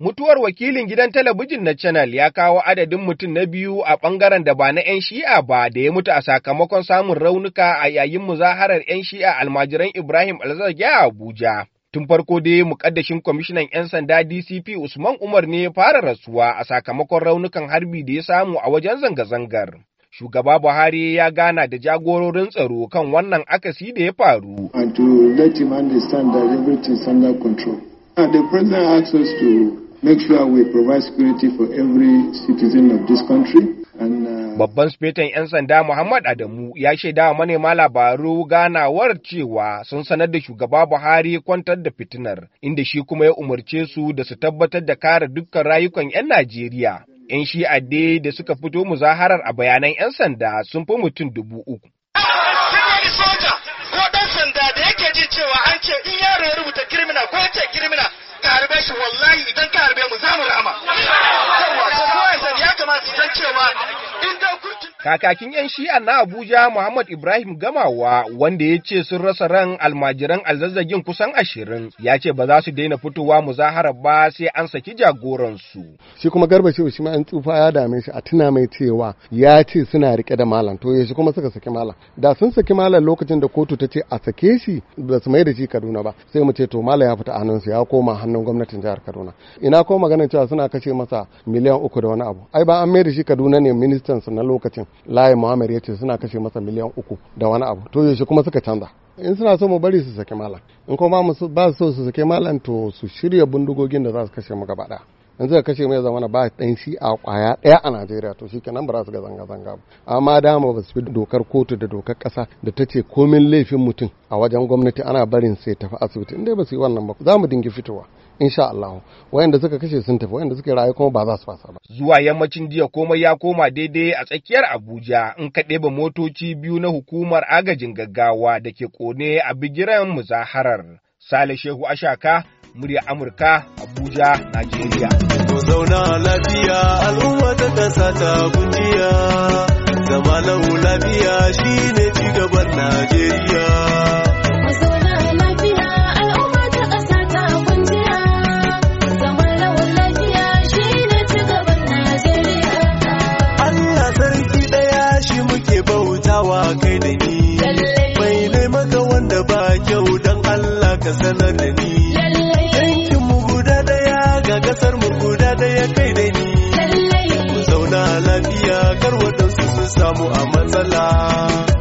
Mutuwar wakilin gidan talabijin na Channel ya kawo adadin mutum na biyu a ɓangaren da ba na 'yan shi'a ba da ya mutu a sakamakon samun raunuka a yayin muzaharar 'yan shi'a almajiran Ibrahim Alzaki a Abuja. Tun farko dai Muƙaddashin kwamishinan 'yan sanda DCP Usman Umar ne ya fara rasuwa a sakamakon raunukan harbi da ya samu a wajen zanga-zangar. Shugaba Buhari ya gana da jagororin tsaro kan wannan akasi da ya faru. And to let him understand that everything is under control. And the president asked us to make sure for every citizen of this country. Uh, Babban sufetan 'yan sanda Muhammad Adamu ya shaida wa manema labaru ganawar cewa sun sanar da shugaba Buhari kwantar da fitinar, inda shi kuma ya umarce su da su tabbatar da kare dukkan rayukan 'yan Najeriya. 'Yan shi'adde da suka fito muzaharar a bayanan 'yan sanda sun fi mutum dubu uku. ko ɗan sanda da yake jin cewa an ce in yaro ya rubuta kirmina ko ya ce kirmina ka harbe shi wallahi idan ka harbe mu za mu rama yawa kowa ya sani ya kamata san cewa in da kurtin Kakakin 'yan shi'a na Abuja Muhammad Ibrahim Gamawa wanda ya ce sun rasa ran almajiran alzazzagin kusan ashirin ya ce ba za su daina fitowa muzahara ba sai an saki jagoransu. Shi kuma garba shi shi ma an tsufa ya dame shi a tuna mai cewa ya ce suna rike da malam to shi kuma suka saki malam. Da sun saki malam lokacin da kotu ta ce a sake shi ba su mai da shi Kaduna ba sai mu ce to malam ya fita hannunsu ya koma hannun gwamnatin jihar Kaduna. Ina ko maganar cewa suna kashe masa miliyan uku da wani abu. Ai ba an mai da shi Kaduna ne ministan na lokacin layi muhammad ya ce suna kashe masa miliyan uku da wani abu to yaushe kuma suka canza in suna so mu bari su saki malam in kuma ba su so su saki malam to su shirya bindigogin da za su kashe mu gaba in suka kashe mai zamana ba ɗan shi a kwaya ɗaya a najeriya to shi kenan ba za su ga zanga-zanga ba amma dama ba su fi dokar kotu da dokar kasa da ta ce komin laifin mutum a wajen gwamnati ana barin sai tafi asibiti inda ba su yi wannan ba za mu dingi fitowa insha Allah wayanda suka kashe sun tafi wayanda suka rayu kuma ba za su fasa ba zuwa yammacin jiya komai ya koma daidai a tsakiyar Abuja in ka ɗeba motoci biyu na hukumar agajin gaggawa da ke kone a bigiran muzaharar Sale Shehu Ashaka murya Amurka Abuja Najeriya zauna lafiya al'umma ta kasa ta kujiya zama lafiya shine cigaban Najeriya kai da ni mai ne maka wanda ba kyau dan Allah ka sanar da ni yankin mu guda daya ga kasar mu guda daya kai da ni mu zauna lafiya kar waɗansu su samu a matsala